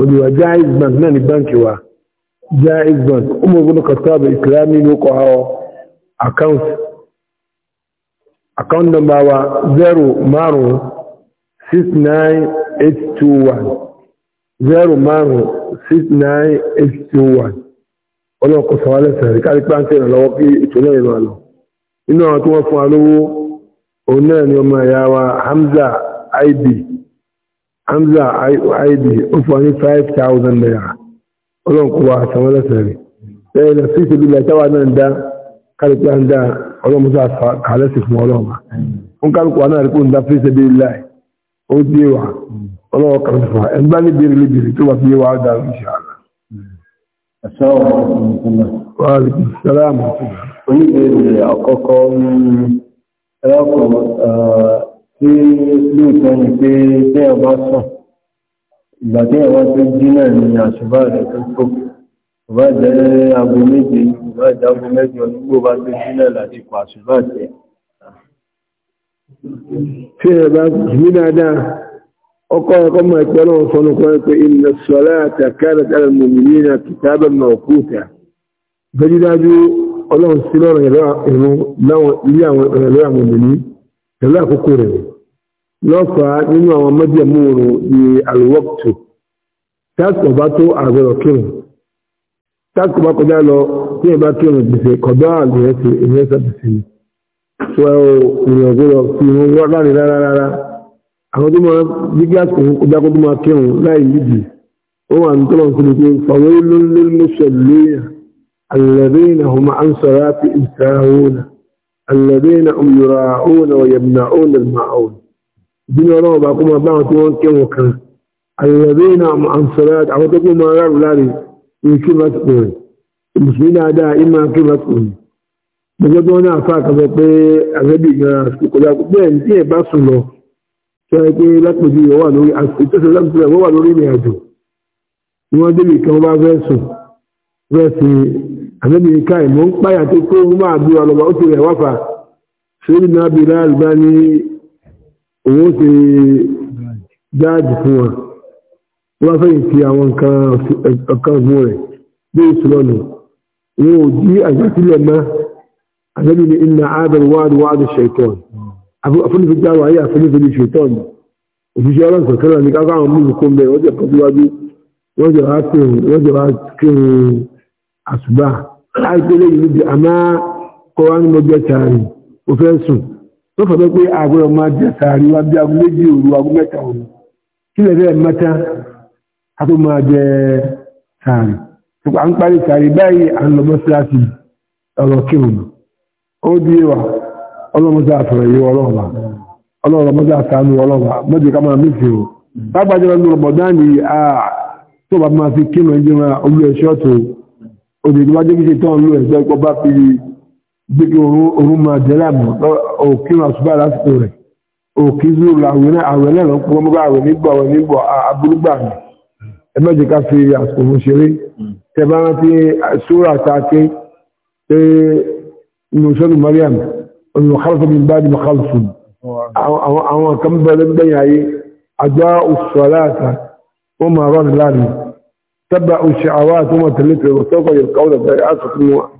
olùwà Jaiz Bank náà ní báǹkì wa Jaiz Bank ọmọ ogun kọtàbí ìkìlámì ló kọ account account number wa 0 six nine eight two one ọlọ́kọ̀ sọ̀wálẹ̀ sẹ̀rẹ̀ kárí pàǹtẹ̀ ìrànlọ́wọ́ kí ìtúnlẹ̀ ìlú àlọ́ nínú àwọn tó wọ́n fún alówó òun náà ni ọmọ ìyá wa Hamza Ibi hamza ib ó fún wa ní five thousand naira ọlọ́nkọ́ wa a ẹlẹ́sẹ̀ rẹ̀ bẹ́ẹ̀ lọ sí ìṣèlú ilẹ̀ táwa náà ń dá kálukú à ń dá ọlọ́mọdé àkàlẹ́sì fún ọlọ́ọ̀ma ó ń kálukú wa náà rí kó ń dá fún ìṣèlú ilẹ̀ ó dé wa ọlọ́wọ́ kan fún wa ẹ̀ ń bá ní bèrè lébi tó wa dá ìṣẹ́ àná. Wàhálà ìsàlámù. Oníbèrè àkọ́kọ́ pé lóòótọ́ ni pé tẹ́ ẹ bá sùn ìgbà tí ẹ̀wọ́n tó jí náà ni àṣùbà rẹ̀ tó tó ìbá jẹ́ aago méje ìbá jẹ́ aago mẹ́jọ nígbò bá tó jí náà láti pa àṣùbà tẹ̀. ṣé ẹ bá dáadáa ọkọ ẹ̀kọ́ máa pẹ́ lọ́wọ́ sọnù kan pé inna salata kanat ala al-mu'minina kitaban mawquta dájúdájú ọlọ́run sí ìlú àwọn ìlú àwọn ìlú àwọn pẹ̀lú àkókò rẹ̀ lọ́fàá nínú àwọn mọ́jẹ̀mú oòrùn ni àlùwọ́pùtù táàkùn bá tó àgbẹ̀rọ̀ kírun táàkùn bá kọjá lọ tí ẹ bá kírun gbèsè kọjá àlùyẹsẹ ìrẹsẹ gbèsè ni tó ẹ ò ìrìnàgbọ́rọ̀ fi wọn wọ́n láre rárá bínú ọlọ́run bá kó máa bá wọn tí wọ́n kẹ́wọn kan àyẹ̀rẹ́ náà àǹsọ̀rọ̀ àwọn tó kó máa rárú láre ní kí bá ti pẹ̀rẹ̀ mùsùlùmí dáadáa ìmá kí bá ti pẹ̀rẹ̀ gbogbo tí wọ́n náà fà kàfẹ́ pé àgbẹ̀bí gan kọjá bẹ́ẹ̀ ní ẹ̀ bá sùn lọ tí wọ́n pé lápòjú ìwọ́wà bá sùn fẹ́ òun ó ṣe jáàjì fún wa wọ́n fẹ́ yìí fi àwọn nǹkan ọ̀gbọ́n rẹ̀ bí ìṣúlọ́nù wọn ò jí àjọsílẹ̀ mọ́ àjọbí ni iná ábẹ̀rẹ̀ wáàdù wáàdù ṣẹ̀tọ́n afúnifẹ́ jáwọ́ ayé afúnifẹ́ ní ṣẹ̀tọ́n òṣìṣẹ́ ọlọ́sọ̀ kẹrẹ̀ ní káká àwọn múlù kó ń bẹ̀ wọ́n jẹ́ pọ́síwájú wọ́n jẹ́ wá ló fẹ́ pé ọma máa jẹ sàárì wá bí agun méjì òru agun mẹ́ta òru kí lè rẹ̀ a tó máa jẹ sàárì tó à ń parí sàárì báyìí à ń lọ mọ́síláṣí ọ̀rọ̀ ó di wa ọlọ́mọdé àtọ̀rọ̀ yìí ọlọ́ọ̀bà ọlọ́ọ̀mọdé àtàánú ọlọ́ọ̀bà ká máa a tó bá máa fi olú ẹ̀ṣọ́ tó gbégbé orun máa jẹ́ láàmù òkè máa ṣùgbọ́n lásìkò rẹ̀ òkè zúrò làwẹ̀ náà àwẹ̀ náà ló ń pọ́n bá àwẹ̀ nígbà àwẹ̀ nígbà abúrúgbà mi ẹ má jẹ́ ká fi àsìkò fún ṣeré tẹ bá rántí sóra tààkì pé nùsọ́nù Mariam ọ̀nà kálùfù mi bá di mọ̀ kálùfù àwọn kan bẹ̀rẹ̀ gbẹ̀yìn ayé àjọ òṣùwàláàtà wọ́n máa rọ́ọ̀nù láàrin tábà òṣìṣẹ́ àwọn àti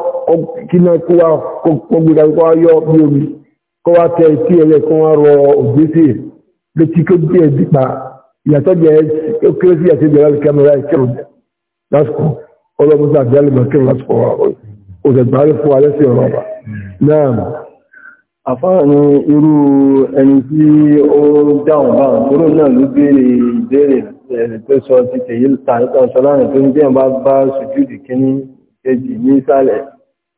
kí náà kó wá gbogbo kó wá yọ bí omi kó wá tẹ etí ẹ̀rẹ́ kó wá rọ ògbésè létí kó bí ẹ̀dí pa ìyàtọ̀ jẹ́ ó kéré sí àti ìbẹ̀rẹ̀ kẹmẹrà ìkẹrù lásìkò ọlọ́mọdé àti àlùbọ̀ kẹrù lásìkò òṣèlú fún alẹ́ sí ọ̀rọ̀ ọba náà. àfáà ni irú ẹni tí ó dáhùn bá òṣòro náà ló béèrè ìbéèrè eh, tó sọ ti tèyí tààtà sọ láàrin tó ń jẹ́ bá bá sùjúdì kíní kejì ní ìsàlẹ̀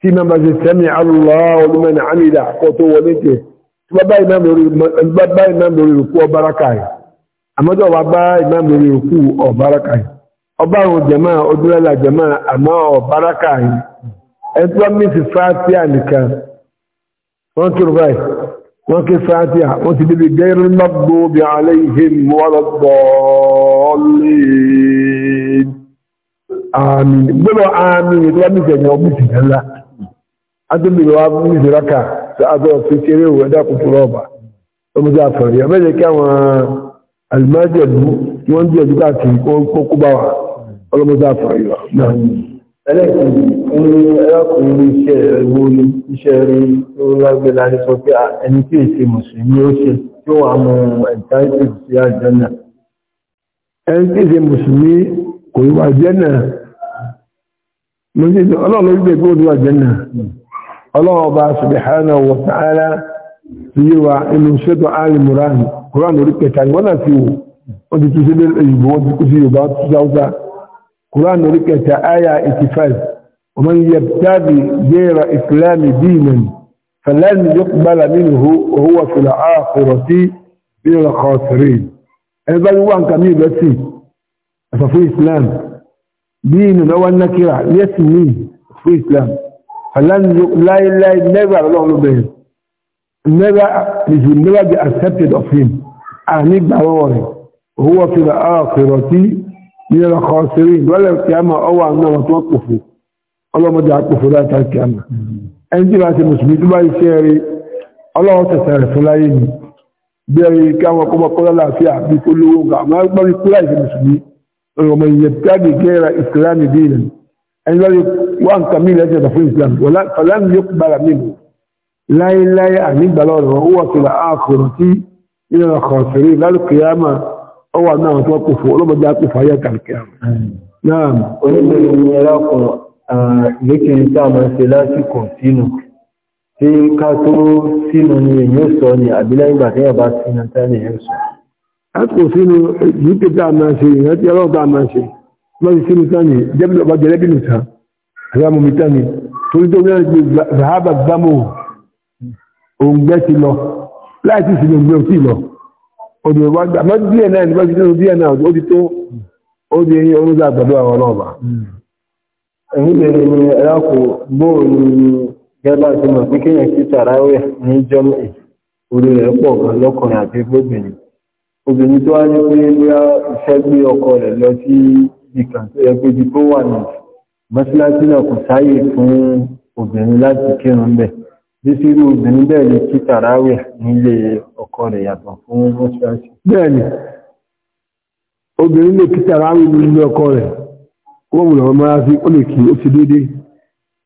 tí mẹ́mbà ṣe sẹ́mi Allahu liman hamida àkọ́ tó wọlé jẹ tí bá bá imam lórí ìrùkú ọbáraka yìí àmọ́jọ́ wa bá imam lórí ìrùkú ọbáraka yìí ọba àwọn jẹ̀mọ́ ojúlẹ́lá jẹ̀mọ́ àmọ́ ọbáraka yìí ẹni tí wọ́n nìkan wọ́n kí rúbáì wọ́n kí wọ́n ti gẹ́rẹ́ adúmbìrì wa ní ìsìnraka tí a gbọ́ fi kéré òwe dákùtù rọ́ọ̀bà tó mú jáà fàrí abẹ́jẹ́ kí àwọn alìmájẹ̀lú tí wọ́n jẹ́ ìdúgbà kì í kó kó bá wa ọlọ́mọdé àfàrí wa náà. ẹlẹ́kùn ní ẹlẹ́kùnrin iṣẹ́ ẹgbó iṣẹ́ rí tó lágbé láti sọ pé ẹni tí èsì mùsùlùmí ó ṣe tí ó wà mú ẹ̀ńtáìtì sí àjẹ́nà. ẹni ọlọ́ọ̀bá subhanahu wa ta'ala ti yí wa inú ṣètò ààrẹ mùránì koran orí kẹta ìwọ́n náà ti wò wọ́n ti tún sí ìbò wọ́n ti kú sí yorùbá tó sáúsá koran orí kẹta àyà 85 ọmọ yẹ tábì gẹ́rọ ìsìlámì dínàn fẹ̀lẹ́ni yóò gbára nínú owó fìlà àkùrọ̀ sí nínú ọkọ̀ ẹni bá wà nǹkan mí lọ́sìn àfàfún islam dínà lọ́wọ́ nákìrà yẹ́sìn mí fún islam láíláí never lọ́wọ́ ló bẹ̀rẹ̀ never it will never be accepted of him ànígbà lọ́wọ́ rẹ̀ owó fi rà á fèrọ̀ tí ní ẹ̀rọ kan ṣeré ìdọ́lẹ̀ kìámà ọwọ́ àwọn ọmọ tó pòfò ọlọ́mọdé àpòfò láta kìámà ẹni tí bá ti mùsùlùmí tó bá iṣẹ́ rẹ̀ ọlọ́wọ́ tẹ̀sẹ̀ rẹ̀ fún láyé ni bí ẹni káwọn kọ́mọkọ́lá láàfíà bí kó lówó nǹkan àmọ́ gbọ́n kúrò àìsí mùsùlùmí ọmọ ìyẹ̀pẹ́ àgbègbè ìsìlámì dínà ẹni lọ́rí wọ́n nǹkan mí lẹ́sẹ̀ ẹ̀dà fún islam fàlán yóò gbára mí láíláí ànígbàlọ́rọ̀ ó wà fìlà áàkùrọ̀ tí nínú ọkọ̀ ṣeré lálùkìyàmà ó wà náà tó kò fún ọlọ́mọdé àkùfà ayé kàlùkìyàmà náà onílẹ̀ ní ẹlọ́kùn ìlékiri tá a máa ṣe lásìkò sínú tí ká tó sínú ni èyí ó sọ ni àbílẹ̀ ìgbà tí yàrá sínú tẹ́lẹ̀ yẹn sọ. lásìkò sínú ìlékiri tá a máa ṣe ìrántí ọlọ́run tá a máa ṣe lọ́yìn sínú tání jẹ́bìlì ọba jẹ́rẹ́ bínú tán àgbàmù mi tání torí tó gbẹ́rẹ́ ti zahaba gbámò òǹgbẹ́ ti lọ láì tí ìsinmi òǹgbẹ́ òtí lọ òdì ọba gbà mọ́ díẹ̀ náà nípa ti sínú díẹ̀ náà ó ti ni ẹ̀rákò ni gẹ́gbà ti mọ̀ pé kéèyàn sí tàráwẹ̀ ní jọ́mì orí rẹ̀ pọ̀ obìnrin tó wá ní pé bóyá iṣẹ́ gbé ọkọ rẹ̀ lọ sí ìkà tó yẹ pé ibi tó wà ní mọ́síláṣí náà kò sáyè fún obìnrin láti kírun bẹ̀ bí sírú obìnrin bẹ́ẹ̀ lè kí tàràwẹ̀ nílé ọkọ rẹ̀ yàtọ̀ fún mọ́síláṣí. bẹ́ẹ̀ni obìnrin lè kí tàràwẹ̀ nílé ọkọ rẹ̀ wọ́n mú lọ́wọ́ máa fi ó lè kí ó ti déédéé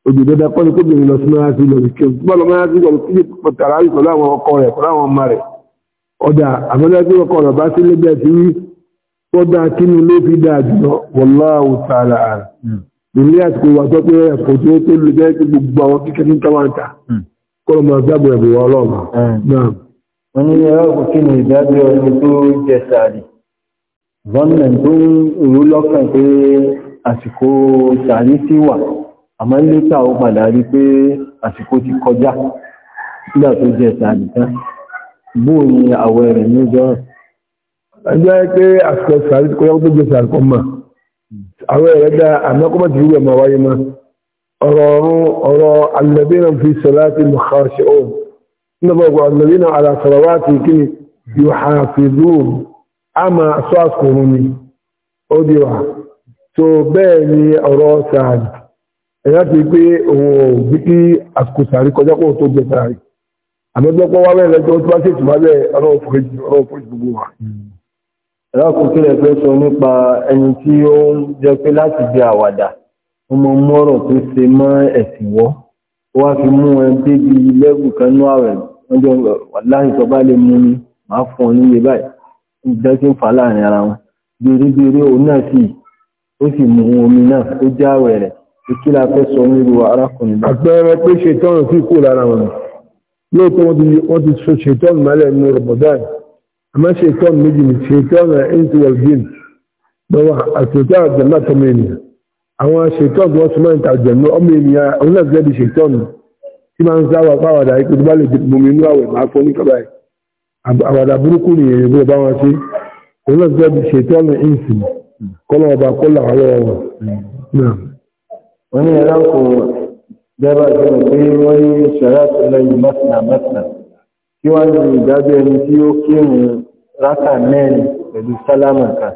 òjò dandan kọ́ni kóbìnrin lọ sí máa fi lọ sí kírun tó bá lọ máa fi lọ sí tàràwẹ̀ pẹ̀lú àwọn ọkọ rẹ̀ pẹ̀lú àwọn ọmọ rẹ̀ ọ̀dà àmọ́dájú ọkọ rẹ̀ bá sí lẹ́gbẹ̀ẹ́ kódà kínú ló fi dáa jùlọ wallahu ta'ala ààrẹ hmm. ilé àsìkò wà tó pé ẹ̀kọ́ tí ó tó lè jẹ́ pé gbogbo àwọn kíkẹ́ ní káwáńtà hmm. kọ́lọ̀ máa dábò ẹ̀bù wà ọlọ́ọ̀mà hmm. náà. wọ́n ní ẹ̀rọ kò kí ni ìdájọ́ ẹni tó jẹ sàárì gọ́ọ̀nà tó ń rú lọ́kàn pé àsìkò sàárì sí wà àmọ́ lẹ́tà ó padà rí pé àsìkò ti kọjá nígbà tó jẹ sàárì tán bóò àwọ̀ ẹ̀rẹ̀ ní ẹgbẹ́ pé àsìkò sàárì kó yá tó gbé sàárì kan mà àwọn ẹ̀rẹ́ dá àmọ́kọ́mọ́ ti rúgbẹ̀ máa wáyé mọ́ ọ̀rọ̀ ọ̀run ọ̀rọ̀ alẹ́bínà fi sọ̀láti mọ̀kàṣẹ́ òun nígbà ọgbà alẹ́bínà alàsọ̀rọ̀wáti kí yóò ha fi lóòrùn a máa sọ àsìkò òun ni ó di wà tó wá bẹ́ẹ̀ lẹ́jọ́ ọ̀rọ̀ òfin gbogbo wa ẹlọ́kùn kílẹ̀ pé sọ nípa ẹni tí ó ń jẹ́ pé láti bí àwàdà ọmọ mọ́rọ̀ tó ṣe mọ́ ẹ̀sìn wọ́ ó wá fi mú ẹ débi lẹ́gùn kan ní ààrẹ ọjọ́ láìsọ bá lè mú ni máa fún ọ níye báyìí ìjẹ́ tí ń fà láàrin ara wọn gbèrègbèrè òun náà sì ó sì mú omi náà ó já àwẹ̀ rẹ̀ kí la fẹ́ sọ nílùú arákùnrin bá. àpẹẹrẹ pé ṣètọ́nù sí kú lára wọn lóòótọ́ wọ́n ti ṣètọ́nù mọ́lẹ̀ nínú rọ̀bọ̀dáì àmọ́ ṣètọ́n méjì ni ṣètọ́n rẹ̀ intuwal jin lọ́wọ́ àṣetọ́ àjẹ̀mọ́ àtọmọ ènìyàn àwọn ṣètọ́n tí wọ́n ti máa ń ta àjẹ̀mọ́ ọmọ ènìyàn onílẹ̀-èdè ṣètọ́n tí máa ń sáwà pàwàdà ikú tó bá lè bomi inú àwẹ̀ máa fọ́ ní kaba yìí àwàdà burúkú ni èyí bó bá wọn ṣe onílẹ̀-èdè ṣètọ́n ìsìn kọ́lọ́ ọba kọ́lọ́ àwọn ọ̀wọ̀ wọ́n ní ẹ̀ránkò dábàá jẹ́ pé wọ́n ní ṣàrá tó lẹ́yìn mọ́sánà mọ́sánà kí wọ́n ní ìdájọ́ rákà mẹ́rin pẹ̀lú sálámà kan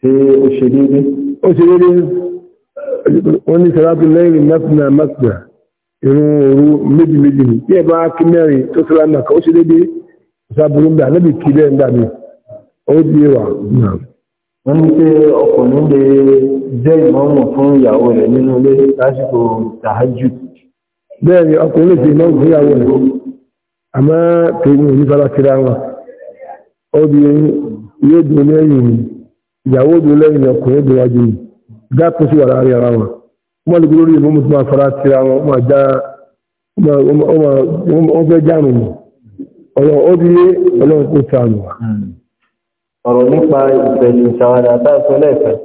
tí ó ṣe déédé ó ṣe déédé wọ́n ní sàrátù lẹ́yìn mẹ́fìnà mẹ́fìnà irun òru méjì méjì ní tí ẹ bá kí mẹ́rin tó sálámà kan ó ṣe déédé ìsàbùrú gbà lẹ́bì kí lẹ́yìn gbà mí ó di wà wọ́n ní pé ọkùnrin lè jẹ́ ìmọ̀ọ́mù fún ìyàwó rẹ̀ nínú ilé lásìkò tàájù bẹ́ẹ̀ ni ọkùnrin lè jẹ́ ìmọ̀ọ́mù fún ìyàwó rẹ̀ àmọ́ tèmi ò ní fara kíra wọn obìnrin yóò dùn lẹ́yìn mi ìyàwó dùn lẹ́yìn ọkùnrin dùn wájú mi gáàpù sí wà láàrin ara wọn wọ́n lè gbórí ìmú mú tó máa fara ti ara wọn máa já wọ́n fẹ́ jáàrùn mi ọ̀rọ̀ ó bí ọlọ́run kò ọ̀rọ̀ nípa tá a sọ lẹ́ẹ̀kan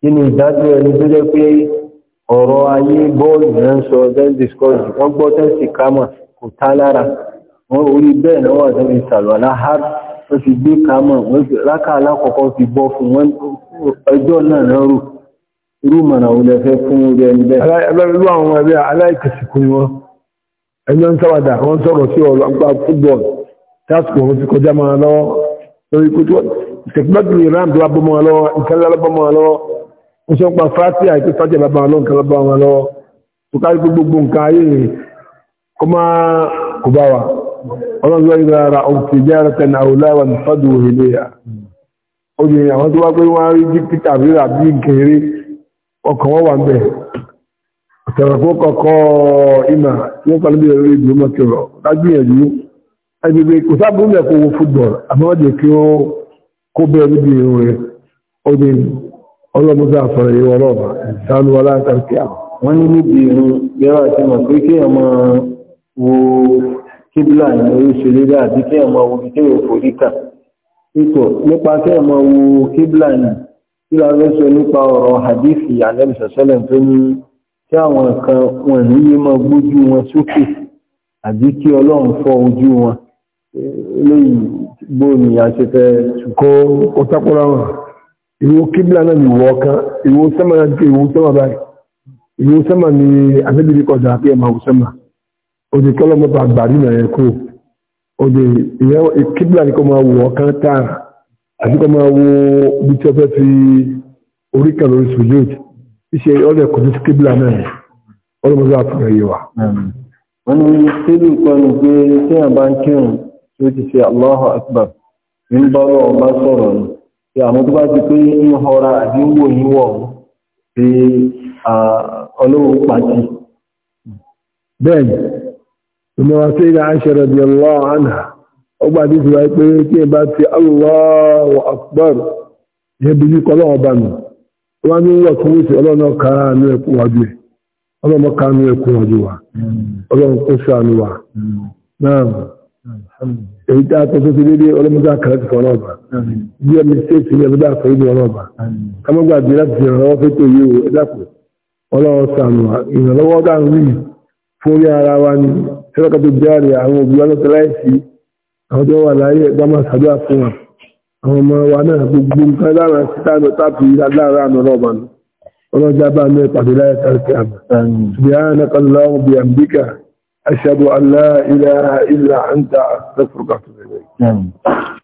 kí ni ìdájọ́ ẹni tó jẹ́ pé ọ̀rọ̀ ayé bọ́ọ̀lù ń sọ then discuss wọ́n gbọ́ tẹ́sì kámà kò wọ́n ti gbé kamọ̀ wọ́n ti rákà alákọ̀ọ́kọ́ ti bọ́ fún wọn ẹjọ́ náà lọ́rù irú mọ̀nà olè fẹ́ fún orí ẹni bẹ́ẹ̀. ẹlẹ́rú àwọn ọmọ ẹgbẹ́ aláìkẹsìkú ni wọ́n ẹjọ́ ń sáwàdà wọ́n sọ̀rọ̀ sí ọ̀rọ̀ àgbà fútbọ̀l tásìkò wọn ti kọjá máa lọ́wọ́ lórí kó tó tẹ̀kínọ́tì ìran tó lábọ́ máa lọ́wọ́ nǹkan lábọ́ máa lọ́wọ́ wọ́n sọ pa fásitì àìpé fásitì lábọ́ máa lọ́wọ́ nǹkan lábọ́ máa lọ́wọ́ tó kárí gbogbo nǹkan ayé kọ́ máa kò bá wa ọlọ́run lọ́yìn rárá ọ̀tí jẹ́rẹ̀tẹ̀ náà láwọn fọ́dù òhèlè à obìnrin àwọn tó wá pé wọ́n rí dípítà rírà bí gẹ̀ẹ́rẹ́ ọkàn wọ́n wà ń bẹ̀ ọ̀tẹ̀rẹ̀kọ́ kọ̀ọ̀kọ́ ìmà tí wọ́n pàdé lórí ìlú mọ́kìrọ̀ lágbìyànjú agbègbè kò sábúrú mẹ́ kó wo fútbọ̀l àmọ́wọ́dé kí ó kó bẹ́ẹ̀ níbi ìrún rẹ̀ obìnrin ní níbi ìrún yẹ́wà tí mọ̀ pé kí ọmọ wo kíbílà ní oríṣiríṣi rírà àti kí ẹ̀mọ wo kí ẹ̀mọ forí kà ipò nípa kí ẹ̀mọ wo kíbílà ní kí la fẹ́ sọ nípa ọ̀rọ̀ hadithi alẹ́bìsọ̀sẹ́lẹ̀ tó ní kí àwọn kan wọn ní yé máa gbójú wọn sókè àbí kí ọlọ́run fọ́ ojú wọn eléyìí bó ni a ṣe fẹ́ kó ó tápọ́ra wọn ìwò kíbílà náà ní ìwọ kan ìwò sẹ́mà náà ní ìwò sẹ́mà báyìí ìwò sẹ́mà ní àbẹ́bìrì kọjá àti ẹ̀mà òsẹ́mà ojú kọ́lọ́ mọ́tò àgbàrí náà yẹn kú ojú ìyẹn kíbla ni kò máa wù ọ́ kán àti kò máa wo bí tí wọ́n fẹ́ fi orí kan lórí sùjúd ṣíṣe ọ̀dẹ̀ kò sí kíbla náà ọlọ́mọdé Allahu ń ọba sọrọ ni àwọn tó bá ti pé ń họra ìmọ̀ràn sí ilẹ̀ pé kí ẹ bá ti akbar ẹbí wọ́n ní wọ́n tún wíṣẹ́ ní ẹkùn wa náà a fún orí ara wa ni ṣẹ́lọ́kà tó járe àwọn òbí wa lọ́tọ́ láìsí àwọn tó wà láyé ẹgbá máa ṣàdúrà fún wa àwọn ọmọ wa náà gbogbo nǹkan lára sítánù tábì lára àná lọ́ọ̀bà nù ọlọ́jà bá mẹ́ pàdé láyé tàbí àmì subhanaka allahumma bihamdika ashhadu an la ilaha illa anta astaghfiruka wa atubu ilayk